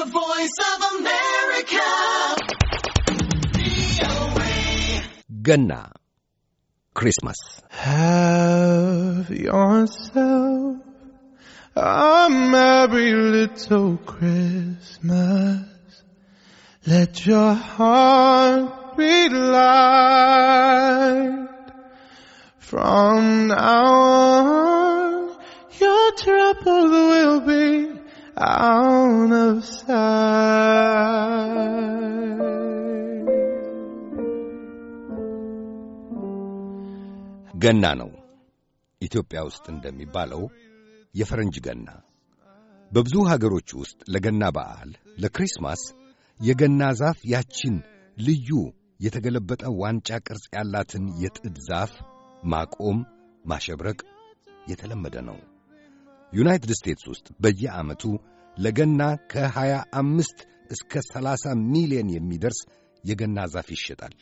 The Voice of America. ገና Christmas. Have yourself a merry little Christmas. Let your heart be light. From now on, your trouble will be of ገና ነው ኢትዮጵያ ውስጥ እንደሚባለው የፈረንጅ ገና በብዙ ሀገሮች ውስጥ ለገና በዓል ለክሪስማስ የገና ዛፍ ያቺን ልዩ የተገለበጠ ዋንጫ ቅርጽ ያላትን የጥድ ዛፍ ማቆም ማሸብረቅ የተለመደ ነው። ዩናይትድ ስቴትስ ውስጥ በየዓመቱ ለገና ከ25 እስከ 30 ሚሊዮን የሚደርስ የገና ዛፍ ይሸጣል።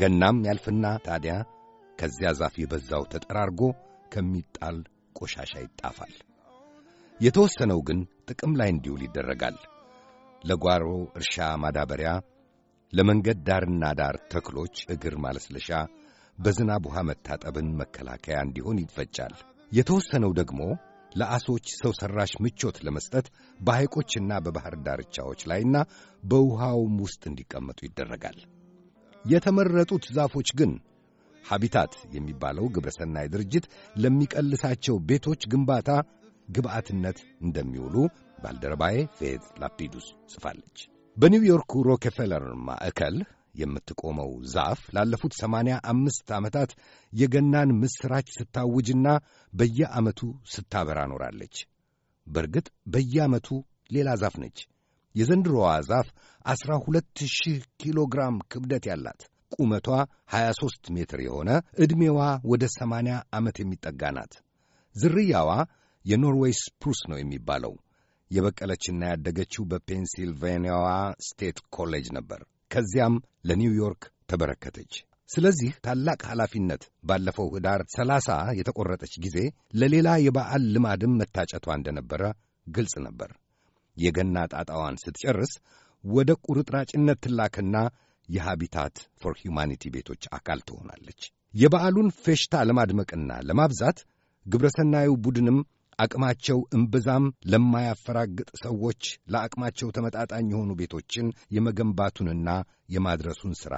ገናም ያልፍና ታዲያ ከዚያ ዛፍ የበዛው ተጠራርጎ ከሚጣል ቆሻሻ ይጣፋል። የተወሰነው ግን ጥቅም ላይ እንዲውል ይደረጋል። ለጓሮ እርሻ ማዳበሪያ፣ ለመንገድ ዳርና ዳር ተክሎች እግር ማለስለሻ፣ በዝናብ ውሃ መታጠብን መከላከያ እንዲሆን ይፈጫል። የተወሰነው ደግሞ ለአሶች ሰው ሠራሽ ምቾት ለመስጠት በሐይቆችና በባሕር ዳርቻዎች ላይና በውሃውም ውስጥ እንዲቀመጡ ይደረጋል። የተመረጡት ዛፎች ግን ሐቢታት የሚባለው ግብረ ሰናይ ድርጅት ለሚቀልሳቸው ቤቶች ግንባታ ግብአትነት እንደሚውሉ ባልደረባዬ ፌዝ ላፒዱስ ጽፋለች። በኒውዮርኩ ሮኬፌለር ማዕከል የምትቆመው ዛፍ ላለፉት ሰማንያ አምስት ዓመታት የገናን ምስራች ስታውጅና በየዓመቱ ስታበራ ኖራለች። በእርግጥ በየዓመቱ ሌላ ዛፍ ነች። የዘንድሮዋ ዛፍ ዐሥራ ሁለት ሺህ ኪሎ ግራም ክብደት ያላት ቁመቷ 23 ሜትር የሆነ ዕድሜዋ ወደ 80 ዓመት የሚጠጋ ናት። ዝርያዋ የኖርዌይ ስፕሩስ ነው የሚባለው። የበቀለችና ያደገችው በፔንሲልቬንያዋ ስቴት ኮሌጅ ነበር። ከዚያም ለኒውዮርክ ተበረከተች። ስለዚህ ታላቅ ኃላፊነት ባለፈው ኅዳር ሰላሳ የተቆረጠች ጊዜ ለሌላ የበዓል ልማድም መታጨቷ እንደነበረ ግልጽ ነበር። የገና ጣጣዋን ስትጨርስ ወደ ቁርጥራጭነት ትላክና የሃቢታት ፎር ሁማኒቲ ቤቶች አካል ትሆናለች። የበዓሉን ፌሽታ ለማድመቅና ለማብዛት ግብረሰናዩ ቡድንም አቅማቸው እምብዛም ለማያፈራግጥ ሰዎች ለአቅማቸው ተመጣጣኝ የሆኑ ቤቶችን የመገንባቱንና የማድረሱን ሥራ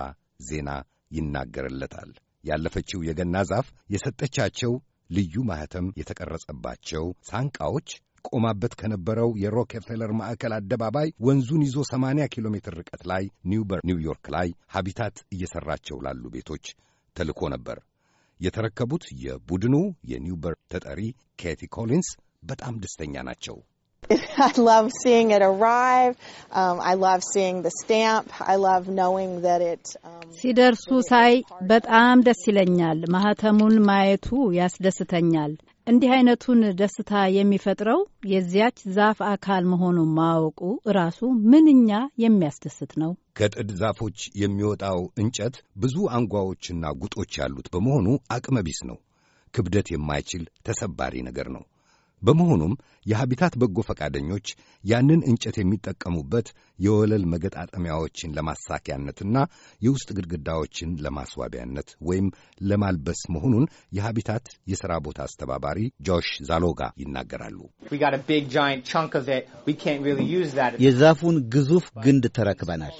ዜና ይናገርለታል። ያለፈችው የገና ዛፍ የሰጠቻቸው ልዩ ማኅተም የተቀረጸባቸው ሳንቃዎች ቆማበት ከነበረው የሮኬፌለር ማዕከል አደባባይ ወንዙን ይዞ 80 ኪሎ ሜትር ርቀት ላይ ኒውበር ኒውዮርክ ላይ ሀቢታት እየሠራቸው ላሉ ቤቶች ተልኮ ነበር። የተረከቡት የቡድኑ የኒውበር ተጠሪ ኬቲ ኮሊንስ በጣም ደስተኛ ናቸው። ሲደርሱ ሳይ በጣም ደስ ይለኛል። ማህተሙን ማየቱ ያስደስተኛል። እንዲህ አይነቱን ደስታ የሚፈጥረው የዚያች ዛፍ አካል መሆኑን ማወቁ ራሱ ምንኛ የሚያስደስት ነው። ከጥድ ዛፎች የሚወጣው እንጨት ብዙ አንጓዎችና ጉጦች ያሉት በመሆኑ አቅመቢስ ነው። ክብደት የማይችል ተሰባሪ ነገር ነው። በመሆኑም የሀቢታት በጎ ፈቃደኞች ያንን እንጨት የሚጠቀሙበት የወለል መገጣጠሚያዎችን ለማሳኪያነትና የውስጥ ግድግዳዎችን ለማስዋቢያነት ወይም ለማልበስ መሆኑን የሀቢታት የሥራ ቦታ አስተባባሪ ጆሽ ዛሎጋ ይናገራሉ። የዛፉን ግዙፍ ግንድ ተረክበናል።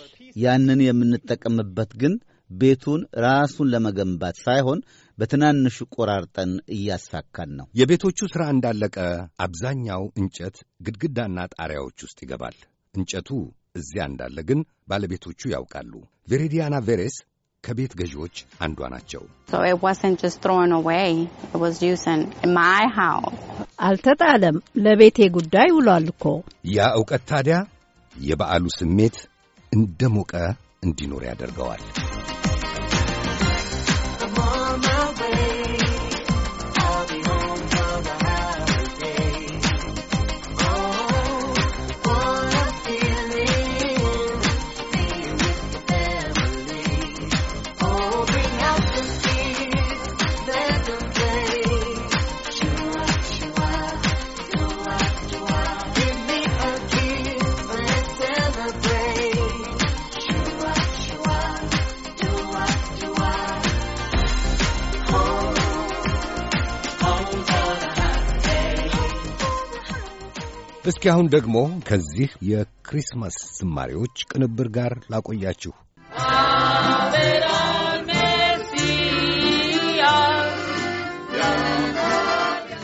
ያንን የምንጠቀምበት ግን ቤቱን ራሱን ለመገንባት ሳይሆን በትናንሹ ቆራርጠን እያስፋካን ነው። የቤቶቹ ሥራ እንዳለቀ አብዛኛው እንጨት ግድግዳና ጣሪያዎች ውስጥ ይገባል። እንጨቱ እዚያ እንዳለ ግን ባለቤቶቹ ያውቃሉ። ቬሬዲያና ቬሬስ ከቤት ገዢዎች አንዷ ናቸው። አልተጣለም፣ ለቤቴ ጉዳይ ውሏል እኮ። ያ ዕውቀት ታዲያ የበዓሉ ስሜት እንደ ሞቀ እንዲኖር ያደርገዋል። እስኪ አሁን ደግሞ ከዚህ የክሪስማስ ዝማሬዎች ቅንብር ጋር ላቆያችሁ።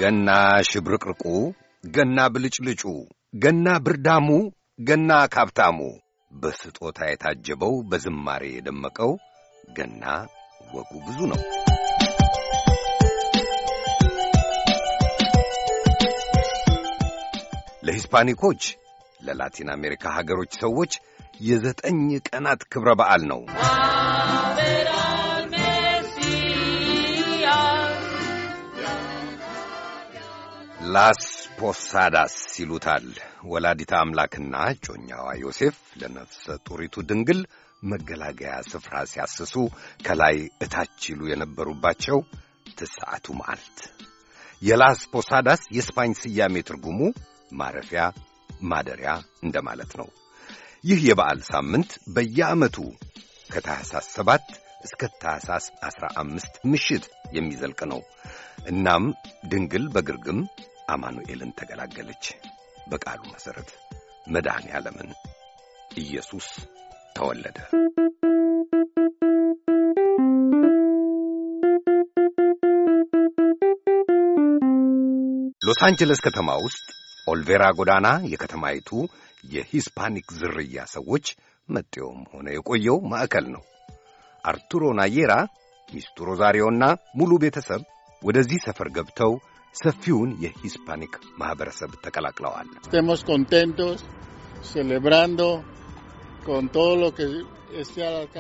ገና ሽብርቅርቁ፣ ገና ብልጭልጩ፣ ገና ብርዳሙ፣ ገና ካብታሙ በስጦታ የታጀበው በዝማሬ የደመቀው ገና ወጉ ብዙ ነው። ለሂስፓኒኮች፣ ለላቲን አሜሪካ ሀገሮች ሰዎች የዘጠኝ ቀናት ክብረ በዓል ነው። ላስ ፖሳዳስ ይሉታል። ወላዲታ አምላክና ጮኛዋ ዮሴፍ ለነፍሰ ጡሪቱ ድንግል መገላገያ ስፍራ ሲያስሱ ከላይ እታች ይሉ የነበሩባቸው ትስዓቱ መዓልት የላስ ፖሳዳስ የስፓኝ ስያሜ ትርጉሙ ማረፊያ፣ ማደሪያ እንደማለት ነው። ይህ የበዓል ሳምንት በየዓመቱ ከታህሳስ 7 እስከ ታህሳስ 15 ምሽት የሚዘልቅ ነው። እናም ድንግል በግርግም አማኑኤልን ተገላገለች። በቃሉ መሠረት መድኃኔ ዓለምን ኢየሱስ ተወለደ። ሎስ አንጀለስ ከተማ ውስጥ ኦልቬራ ጎዳና የከተማይቱ የሂስፓኒክ ዝርያ ሰዎች መጤውም ሆነ የቆየው ማዕከል ነው። አርቱሮ ናየራ፣ ሚስቱ ሮዛሪዮና ሙሉ ቤተሰብ ወደዚህ ሰፈር ገብተው ሰፊውን የሂስፓኒክ ማኅበረሰብ ተቀላቅለዋል።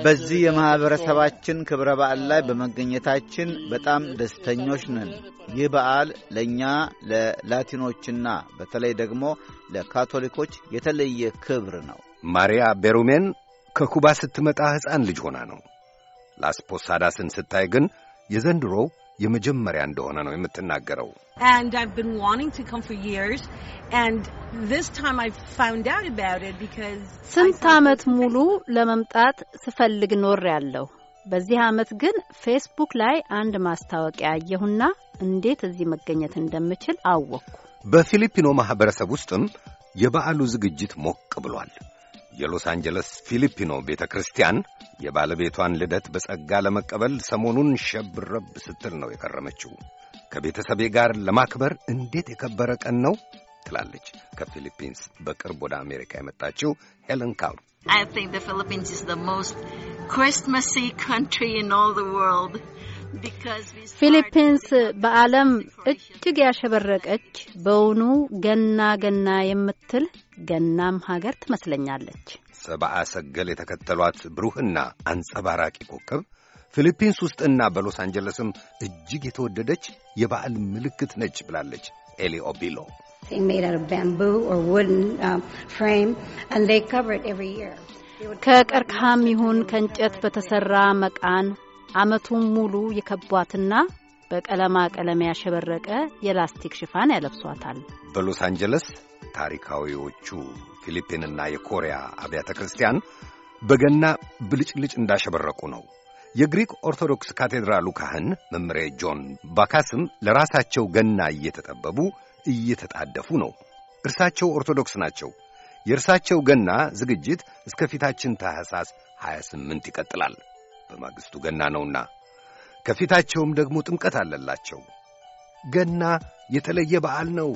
በዚህ የማኅበረሰባችን ክብረ በዓል ላይ በመገኘታችን በጣም ደስተኞች ነን። ይህ በዓል ለእኛ ለላቲኖችና በተለይ ደግሞ ለካቶሊኮች የተለየ ክብር ነው። ማሪያ ቤሩሜን ከኩባ ስትመጣ ሕፃን ልጅ ሆና ነው። ላስፖሳዳስን ስታይ ግን የዘንድሮው የመጀመሪያ እንደሆነ ነው የምትናገረው። ስንት ዓመት ሙሉ ለመምጣት ስፈልግ ኖር ያለሁ። በዚህ ዓመት ግን ፌስቡክ ላይ አንድ ማስታወቂያ አየሁና እንዴት እዚህ መገኘት እንደምችል አወቅኩ። በፊሊፒኖ ማኅበረሰብ ውስጥም የበዓሉ ዝግጅት ሞቅ ብሏል። የሎስ አንጀለስ ፊሊፒኖ ቤተ ክርስቲያን የባለቤቷን ልደት በጸጋ ለመቀበል ሰሞኑን ሸብረብ ስትል ነው የከረመችው። ከቤተሰቤ ጋር ለማክበር እንዴት የከበረ ቀን ነው ትላለች ከፊሊፒንስ በቅርብ ወደ አሜሪካ የመጣችው ሄለን ካውል። ፊሊፒንስ በዓለም እጅግ ያሸበረቀች በውኑ ገና ገና የምትል ገናም ሀገር ትመስለኛለች። ሰብአ ሰገል የተከተሏት ብሩህና አንጸባራቂ ኮከብ ፊሊፒንስ ውስጥና በሎስ አንጀለስም እጅግ የተወደደች የበዓል ምልክት ነች ብላለች ኤሊ ኦቢሎ። um, ከቀርከሃም ይሁን ከእንጨት በተሠራ መቃን ዓመቱን ሙሉ የከቧትና በቀለማ ቀለም ያሸበረቀ የላስቲክ ሽፋን ያለብሷታል። በሎስ አንጀለስ ታሪካዊዎቹ ፊሊፒንና የኮሪያ አብያተ ክርስቲያን በገና ብልጭልጭ እንዳሸበረቁ ነው። የግሪክ ኦርቶዶክስ ካቴድራሉ ካህን መምሬ ጆን ባካስም ለራሳቸው ገና እየተጠበቡ እየተጣደፉ ነው። እርሳቸው ኦርቶዶክስ ናቸው። የእርሳቸው ገና ዝግጅት እስከ ፊታችን ታህሳስ 28 ይቀጥላል። በማግስቱ ገና ነውና ከፊታቸውም ደግሞ ጥምቀት አለላቸው። ገና የተለየ በዓል ነው፣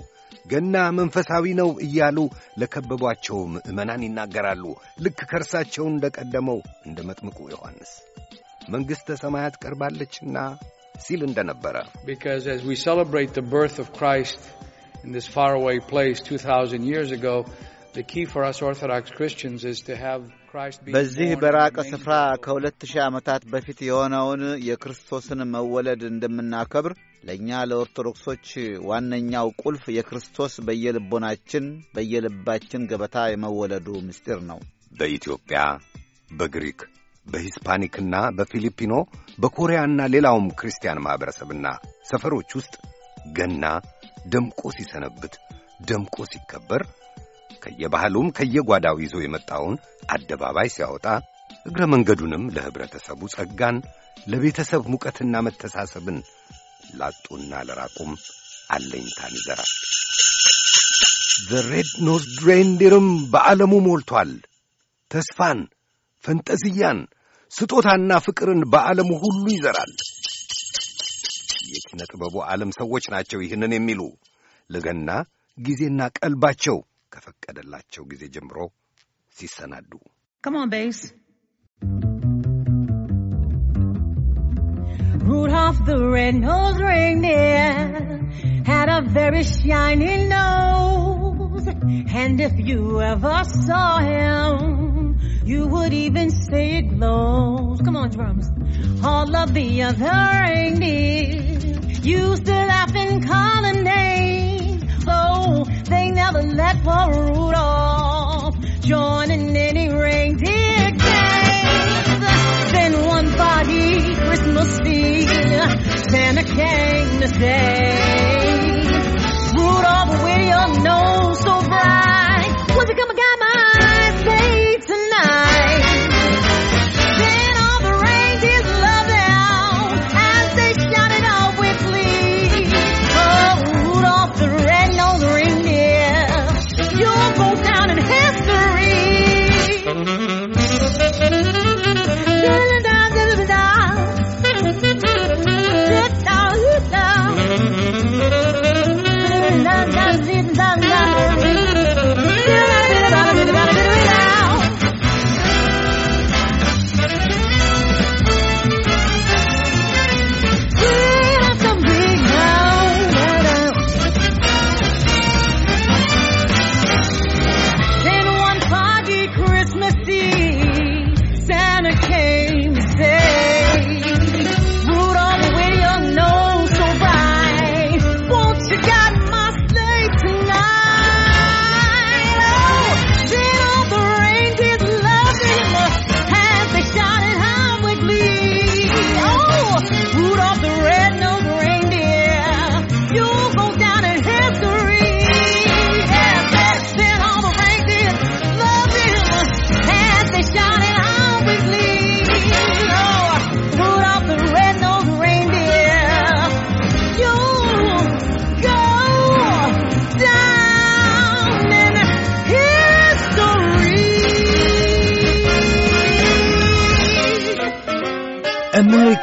ገና መንፈሳዊ ነው እያሉ ለከበቧቸው ምዕመናን ይናገራሉ። ልክ ከእርሳቸው እንደ ቀደመው እንደ መጥምቁ ዮሐንስ መንግሥተ ሰማያት ቀርባለችና ሲል እንደ ነበረ በዚህ በራቀ ስፍራ ከሁለት ሺህ ዓመታት በፊት የሆነውን የክርስቶስን መወለድ እንደምናከብር ለእኛ ለኦርቶዶክሶች ዋነኛው ቁልፍ የክርስቶስ በየልቦናችን በየልባችን ገበታ የመወለዱ ምስጢር ነው። በኢትዮጵያ፣ በግሪክ፣ በሂስፓኒክና በፊሊፒኖ በኮሪያና ሌላውም ክርስቲያን ማኅበረሰብና ሰፈሮች ውስጥ ገና ደምቆ ሲሰነብት ደምቆ ሲከበር ከየባህሉም ከየጓዳው ይዞ የመጣውን አደባባይ ሲያወጣ እግረ መንገዱንም ለኅብረተሰቡ ጸጋን፣ ለቤተሰብ ሙቀትና መተሳሰብን፣ ላጡና ለራቁም አለኝታን ይዘራል። ዘሬድ ኖዝድ ሬንዲርም በዓለሙ ሞልቷል። ተስፋን፣ ፈንጠዝያን፣ ስጦታና ፍቅርን በዓለሙ ሁሉ ይዘራል። የኪነ ጥበቡ ዓለም ሰዎች ናቸው ይህንን የሚሉ ለገና ጊዜና ቀልባቸው ከፈቀደላቸው ጊዜ ጀምሮ ሲሰናዱ Rudolph the red-nosed reindeer had a very shiny nose, and if you ever saw him, you would even say it glows. Come on, drums. All of the other reindeer for Rudolph, joining any reindeer games. Then one foggy Christmas Eve, Santa came to say, Rudolph, will your nose.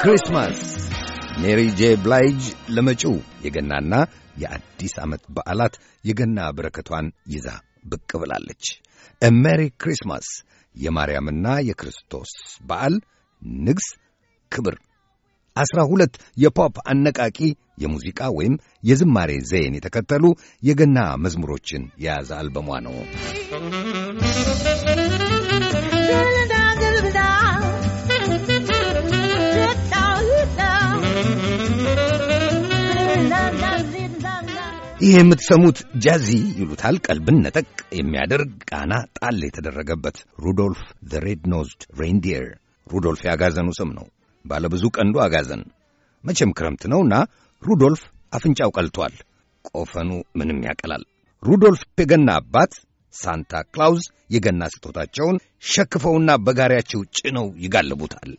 ክሪስማስ ሜሪ ጄ ብላይጅ ለመጪው የገናና የአዲስ ዓመት በዓላት የገና በረከቷን ይዛ ብቅ ብላለች። እ ሜሪ ክሪስማስ የማርያምና የክርስቶስ በዓል ንግሥ ክብር ዐሥራ ሁለት የፖፕ አነቃቂ የሙዚቃ ወይም የዝማሬ ዘይን የተከተሉ የገና መዝሙሮችን የያዘ አልበሟ ነው። ይህ የምትሰሙት ጃዚ ይሉታል። ቀልብን ነጠቅ የሚያደርግ ቃና ጣል የተደረገበት ሩዶልፍ ዘ ሬድ ኖዝድ ሬንዲየር። ሩዶልፍ የአጋዘኑ ስም ነው። ባለብዙ ቀንዱ አጋዘን። መቼም ክረምት ነውና ሩዶልፍ አፍንጫው ቀልቷል። ቆፈኑ ምንም ያቀላል። ሩዶልፍ የገና አባት ሳንታ ክላውዝ የገና ስጦታቸውን ሸክፈውና በጋሪያቸው ጭነው ይጋልቡታል።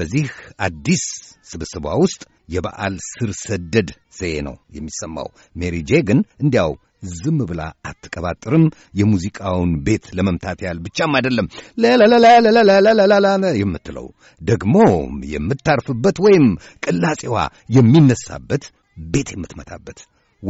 በዚህ አዲስ ስብስቧ ውስጥ የበዓል ስር ሰደድ ዘዬ ነው የሚሰማው። ሜሪ ጄ ግን እንዲያው ዝም ብላ አትቀባጥርም። የሙዚቃውን ቤት ለመምታት ያህል ብቻም አይደለም ለላላላላላላላ የምትለው ደግሞም የምታርፍበት ወይም ቅላጼዋ የሚነሳበት ቤት የምትመታበት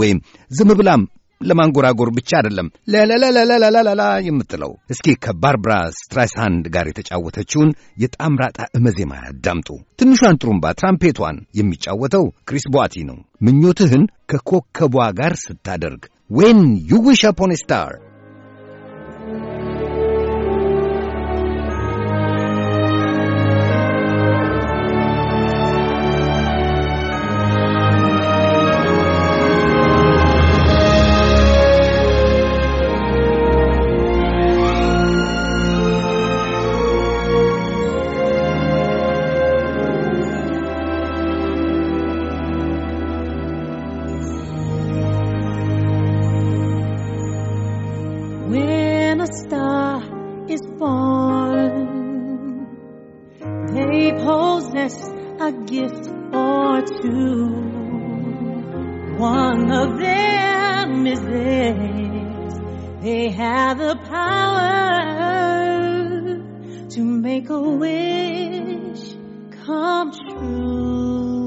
ወይም ዝም ብላም ለማንጎራጎር ብቻ አይደለም ለለለለለለላ የምትለው። እስኪ ከባርብራ ስትራይስሃንድ ጋር የተጫወተችውን የጣምራጣ እመዜማ ያዳምጡ። ትንሿን ጥሩምባ ትራምፔቷን የሚጫወተው ክሪስ ቧቲ ነው። ምኞትህን ከኮከቧ ጋር ስታደርግ ዌን ዩ ዊሽ አፖን ስታር have the power to make a wish come true.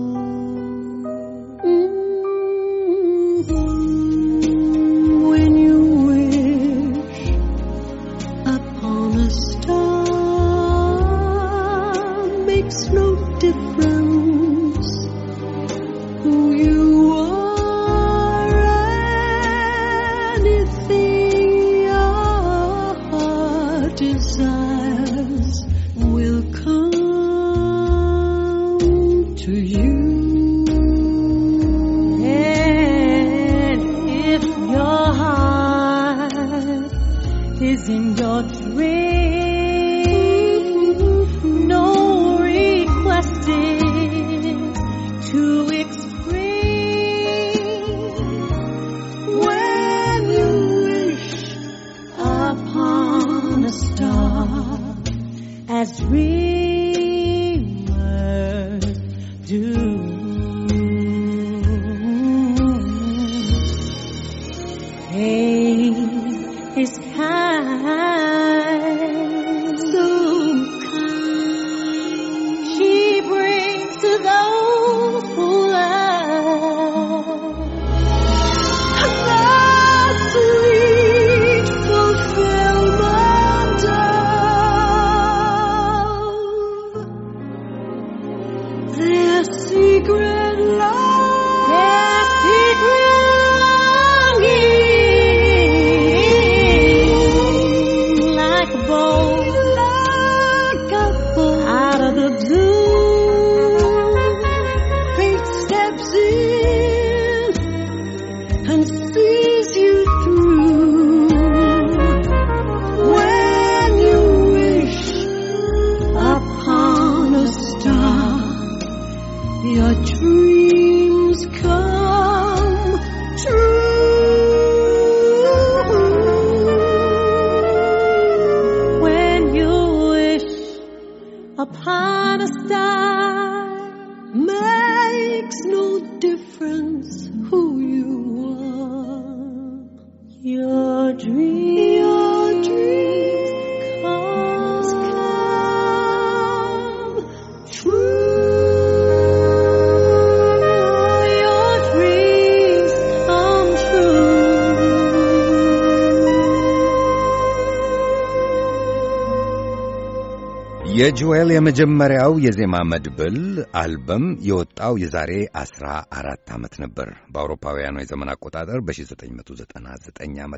የጁዌል የመጀመሪያው የዜማ መድብል አልበም የወጣው የዛሬ 14 ዓመት ነበር በአውሮፓውያኑ የዘመን አቆጣጠር በ1999 ዓ ም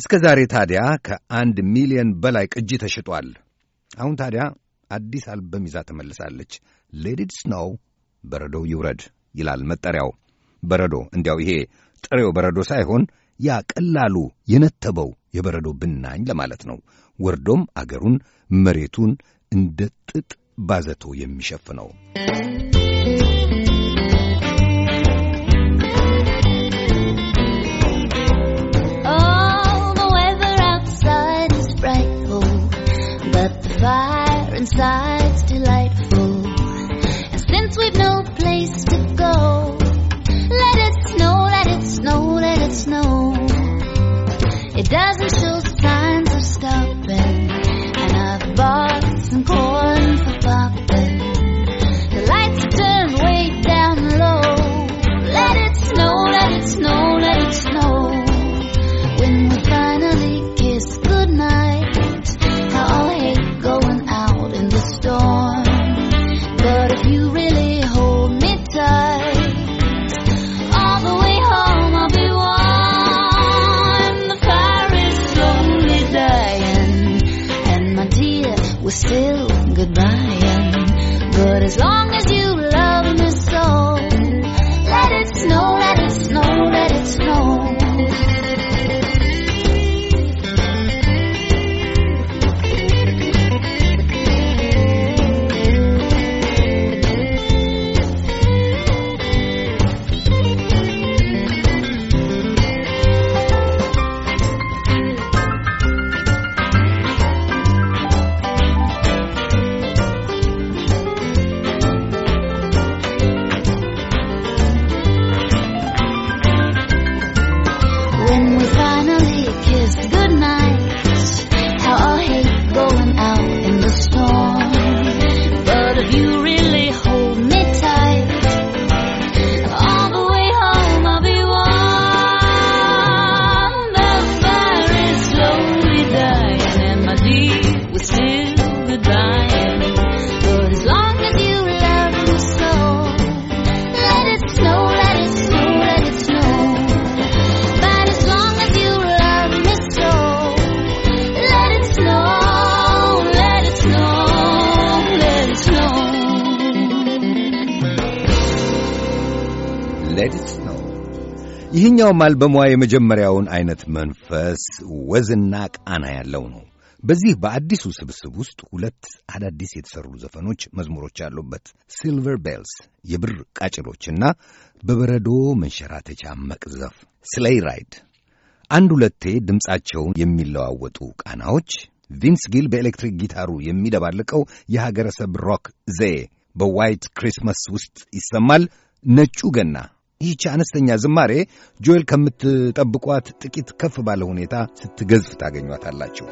እስከ ዛሬ ታዲያ ከአንድ ሚሊዮን በላይ ቅጂ ተሽጧል። አሁን ታዲያ አዲስ አልበም ይዛ ተመልሳለች። ሌዲድ ስኖው በረዶው ይውረድ ይላል መጠሪያው። በረዶ እንዲያው ይሄ ጥሬው በረዶ ሳይሆን ያ ቀላሉ የነተበው የበረዶ ብናኝ ለማለት ነው። ወርዶም አገሩን መሬቱን እንደ ጥጥ ባዘቶ የሚሸፍነው ነው። fire inside doesn't suit as long ይህኛውም አልበሟ የመጀመሪያውን አይነት መንፈስ ወዝና ቃና ያለው ነው። በዚህ በአዲሱ ስብስብ ውስጥ ሁለት አዳዲስ የተሰሩ ዘፈኖች፣ መዝሙሮች ያሉበት ሲልቨር ቤልስ የብር ቃጭሎችና በበረዶ መንሸራተቻ መቅዘፍ ስሌይ ራይድ አንድ ሁለቴ ድምፃቸውን የሚለዋወጡ ቃናዎች፣ ቪንስ ጊል በኤሌክትሪክ ጊታሩ የሚደባልቀው የሀገረሰብ ሮክ ዘዬ በዋይት ክሪስማስ ውስጥ ይሰማል። ነጩ ገና ይህቺ አነስተኛ ዝማሬ ጆኤል ከምትጠብቋት ጥቂት ከፍ ባለ ሁኔታ ስትገዝፍ ታገኟታላችሁ።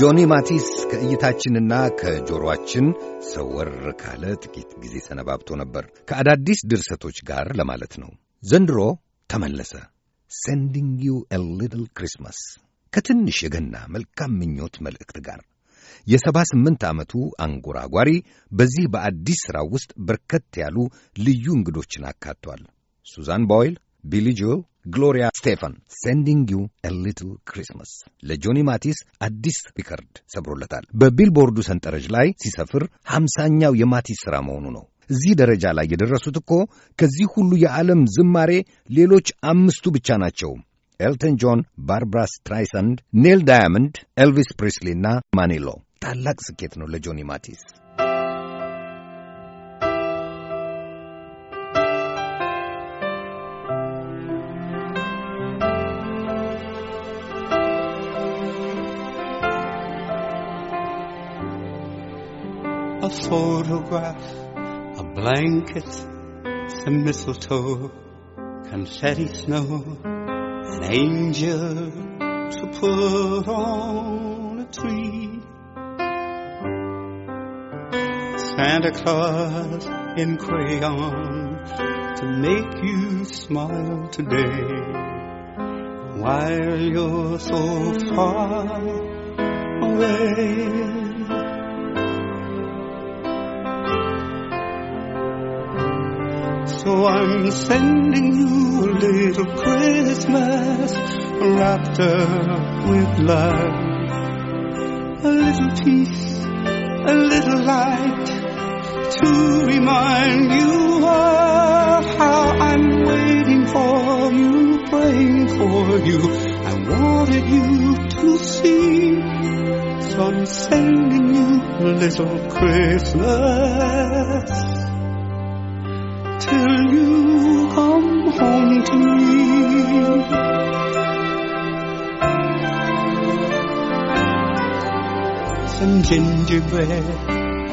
ጆኒ ማቲስ ከእይታችንና ከጆሮአችን ሰወር ካለ ጥቂት ጊዜ ሰነባብቶ ነበር፣ ከአዳዲስ ድርሰቶች ጋር ለማለት ነው። ዘንድሮ ተመለሰ። ሴንዲንግ ዩ ኤ ሊትል ክሪስማስ ከትንሽ የገና መልካም ምኞት መልእክት ጋር የሰባ ስምንት ዓመቱ አንጎራጓሪ በዚህ በአዲስ ሥራው ውስጥ በርከት ያሉ ልዩ እንግዶችን አካቷል። ሱዛን ቦይል ቢሊጆ ግሎሪያ ስቴፈን ሴንዲንግ ዩ ሊትል ክሪስማስ ለጆኒ ማቲስ አዲስ ሪከርድ ሰብሮለታል። በቢልቦርዱ ሰንጠረዥ ላይ ሲሰፍር ሀምሳኛው የማቲስ ሥራ መሆኑ ነው። እዚህ ደረጃ ላይ የደረሱት እኮ ከዚህ ሁሉ የዓለም ዝማሬ ሌሎች አምስቱ ብቻ ናቸው። ኤልተን ጆን፣ ባርብራ ስትራይሰንድ፣ ኔል ዳያመንድ፣ ኤልቪስ ፕሪስሊ እና ማኒሎ። ታላቅ ስኬት ነው ለጆኒ ማቲስ። photograph, a blanket, some mistletoe, confetti snow, an angel to put on a tree. Santa Claus in crayon to make you smile today while you're so far away. I'm sending you a little Christmas wrapped up with love. A little peace, a little light to remind you of how I'm waiting for you, praying for you. I wanted you to see. So I'm sending you a little Christmas. Some gingerbread,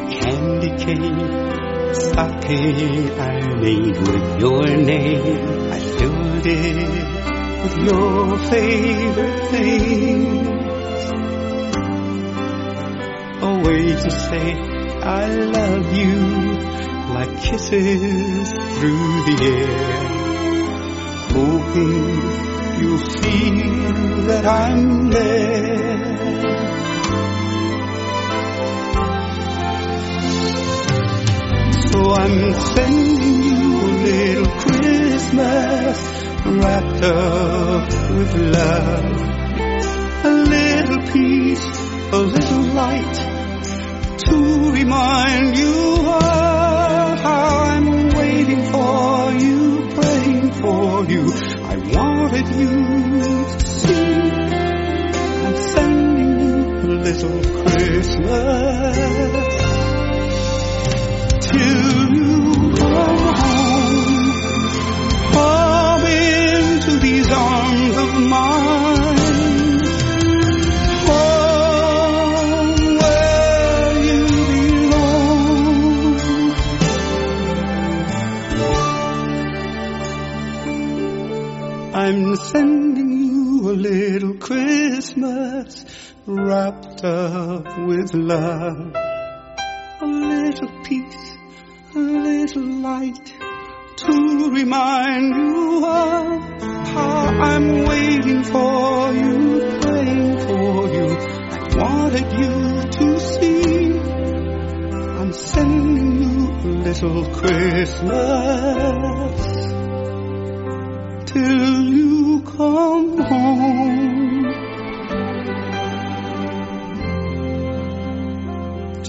candy cake, sake I made with your name. I filled it with your favorite things. A way to say I love you, like kisses through the air hoping you feel that I'm there. So I'm sending you a little Christmas wrapped up with love. A little peace, a little light to remind you of. you I wanted you to see. I'm sending you a little Christmas. Till you come home, come into these arms of mine. wrapped up with love. A little peace, a little light to remind you of how I'm waiting for you, praying for you. I wanted you to see. I'm sending you a little Christmas till you come home.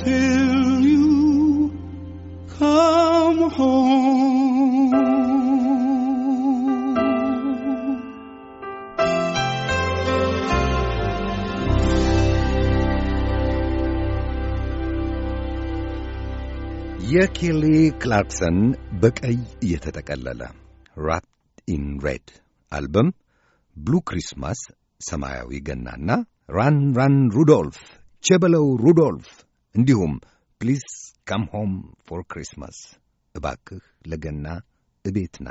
till you come home. የኬሊ ክላርክሰን በቀይ የተጠቀለለ ራት ኢን ሬድ አልበም ብሉ ክሪስማስ፣ ሰማያዊ ገናና ራን ራን ሩዶልፍ ቸበለው ሩዶልፍ እንዲሁም ፕሊዝ ካም ሆም ፎር ክሪስማስ እባክህ ለገና እቤትና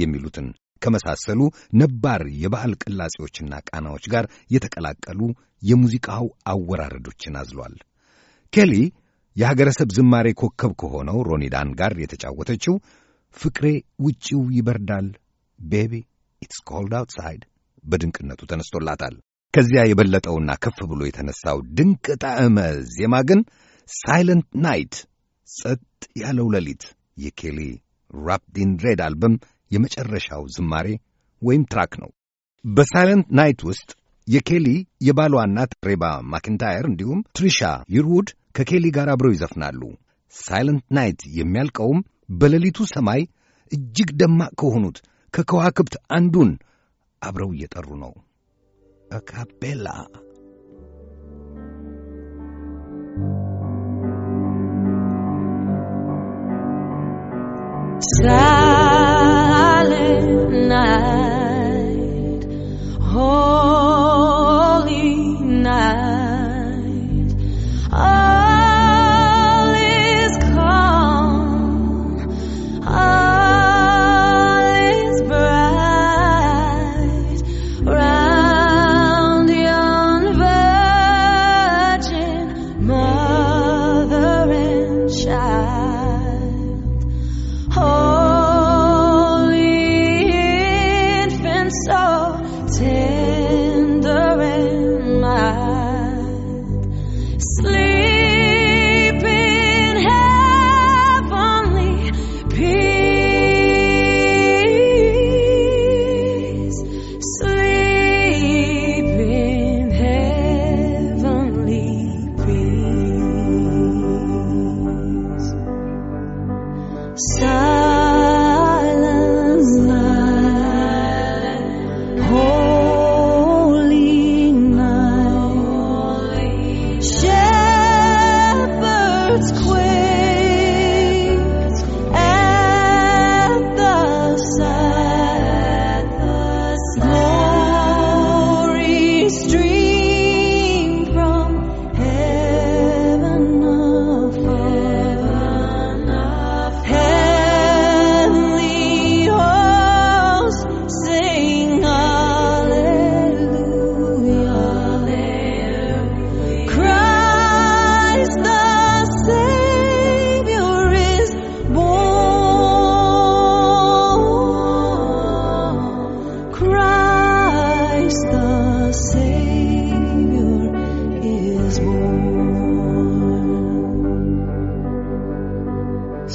የሚሉትን ከመሳሰሉ ነባር የበዓል ቅላጼዎችና ቃናዎች ጋር የተቀላቀሉ የሙዚቃው አወራረዶችን አዝሏል። ኬሊ የሀገረሰብ ዝማሬ ኮከብ ከሆነው ሮኒዳን ጋር የተጫወተችው ፍቅሬ ውጪው ይበርዳል ቤቢ ኢትስ ኮልድ አውትሳይድ በድንቅነቱ ተነስቶላታል። ከዚያ የበለጠውና ከፍ ብሎ የተነሳው ድንቅ ጣዕመ ዜማ ግን ሳይለንት ናይት ጸጥ ያለው ሌሊት የኬሊ ራፕዲን ሬድ አልበም የመጨረሻው ዝማሬ ወይም ትራክ ነው። በሳይለንት ናይት ውስጥ የኬሊ የባሏ እናት ሬባ ማኪንታየር እንዲሁም ትሪሻ ይርውድ ከኬሊ ጋር አብረው ይዘፍናሉ። ሳይለንት ናይት የሚያልቀውም በሌሊቱ ሰማይ እጅግ ደማቅ ከሆኑት ከከዋክብት አንዱን አብረው እየጠሩ ነው። a cappella. Silent night.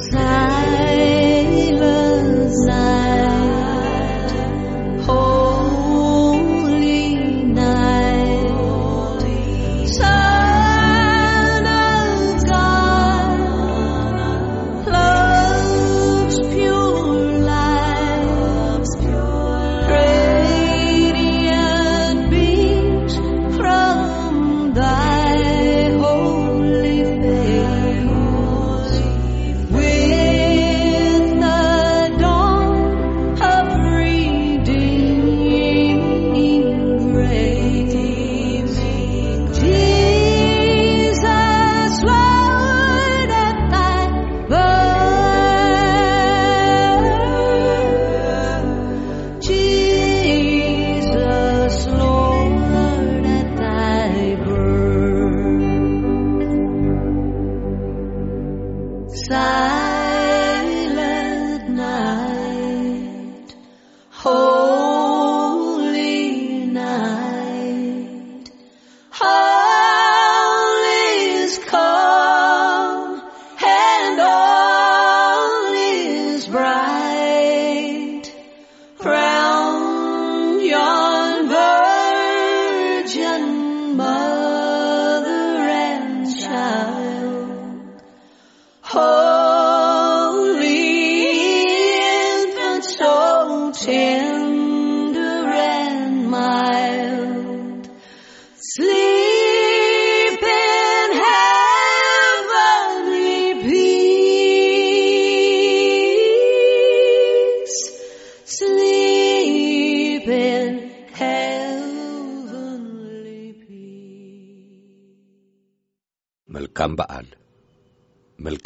side.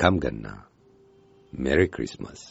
መልካም ገና ሜሪ ክሪስማስ